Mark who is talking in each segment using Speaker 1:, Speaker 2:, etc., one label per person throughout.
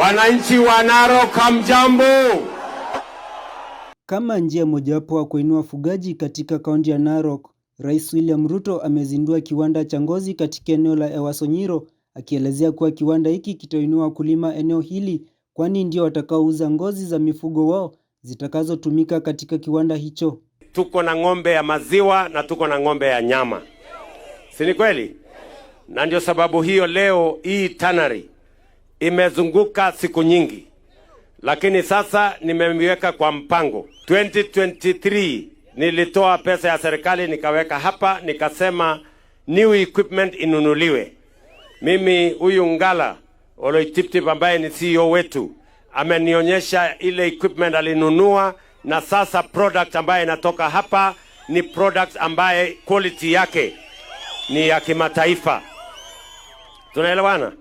Speaker 1: Wananchi wa Narok hamjambo.
Speaker 2: Kama njia mojawapo wa kuinua wafugaji katika kaunti ya Narok, Rais William Ruto amezindua kiwanda cha ngozi katika eneo la Ewasonyiro, akielezea kuwa kiwanda hiki kitainua wakulima eneo hili, kwani ndio watakaouza ngozi za mifugo wao zitakazotumika katika kiwanda hicho.
Speaker 1: Tuko na ng'ombe ya maziwa na tuko na ng'ombe ya nyama, si ni kweli? Na ndio sababu hiyo leo hii tanari imezunguka siku nyingi, lakini sasa nimeiweka kwa mpango. 2023 nilitoa pesa ya serikali nikaweka hapa, nikasema new equipment inunuliwe. Mimi huyu Ngala Oloitiptip ambaye ni CEO wetu amenionyesha ile equipment alinunua, na sasa product ambaye inatoka hapa ni product ambaye quality yake ni ya kimataifa. Tunaelewana?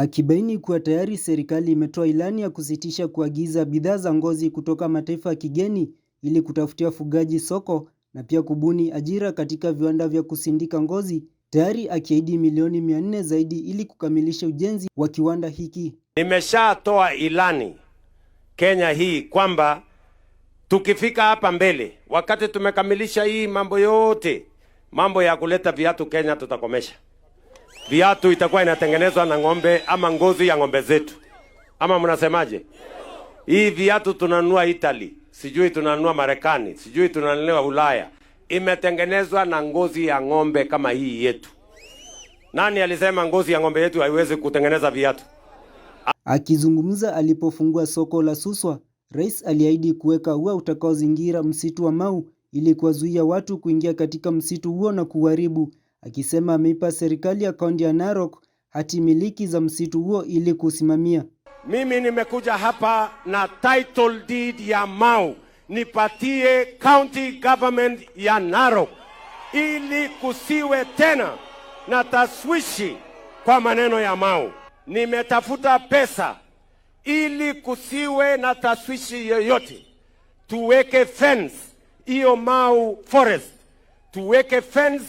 Speaker 2: akibaini kuwa tayari serikali imetoa ilani ya kusitisha kuagiza bidhaa za ngozi kutoka mataifa ya kigeni ili kutafutia wafugaji soko na pia kubuni ajira katika viwanda vya kusindika ngozi, tayari akiahidi milioni mia nne zaidi ili kukamilisha ujenzi wa kiwanda hiki.
Speaker 1: Nimeshatoa ilani Kenya hii kwamba tukifika hapa mbele, wakati tumekamilisha hii mambo yote, mambo ya kuleta viatu Kenya tutakomesha viatu itakuwa inatengenezwa na ng'ombe ama ngozi ya ng'ombe zetu, ama mnasemaje? Hii viatu tunanunua Italy, sijui tunanunua Marekani, sijui tunanunua Ulaya, imetengenezwa na ngozi ya ng'ombe kama hii yetu. Nani alisema ngozi ya ng'ombe yetu haiwezi kutengeneza viatu?
Speaker 2: Akizungumza alipofungua soko la Suswa, Rais aliahidi kuweka ua utakaozingira msitu wa Mau ili kuwazuia watu kuingia katika msitu huo na kuharibu akisema ameipa serikali ya kaunti ya Narok hati miliki za msitu huo ili kusimamia.
Speaker 1: Mimi nimekuja hapa na title deed ya Mau, nipatie county government ya Narok ili kusiwe tena na taswishi kwa maneno ya Mau. Nimetafuta pesa ili kusiwe na taswishi yoyote, tuweke fence hiyo Mau forest, tuweke fence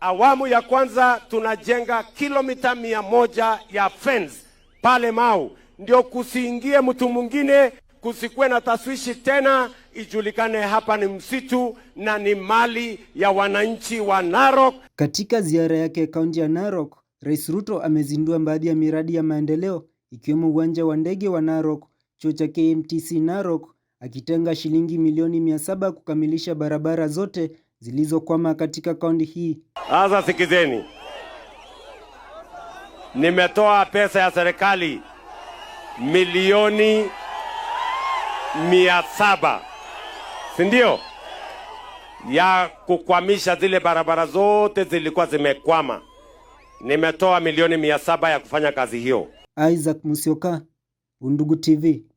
Speaker 1: awamu ya kwanza tunajenga kilomita mia moja ya fence pale Mau, ndio kusiingie mtu mwingine, kusikuwe na taswishi tena, ijulikane hapa ni msitu na ni mali ya wananchi wa Narok.
Speaker 2: Katika ziara yake kaunti ya Narok, Rais Ruto amezindua baadhi ya miradi ya maendeleo ikiwemo uwanja wa ndege wa Narok, chuo cha KMTC Narok, akitenga shilingi milioni mia saba kukamilisha barabara zote zilizokwama katika kaunti hii.
Speaker 1: Sasa sikizeni, nimetoa pesa ya serikali milioni mia saba si ndio, ya kukwamisha zile barabara zote zilikuwa zimekwama. Nimetoa milioni mia saba ya kufanya kazi hiyo.
Speaker 2: Isaac musioka Undugu TV.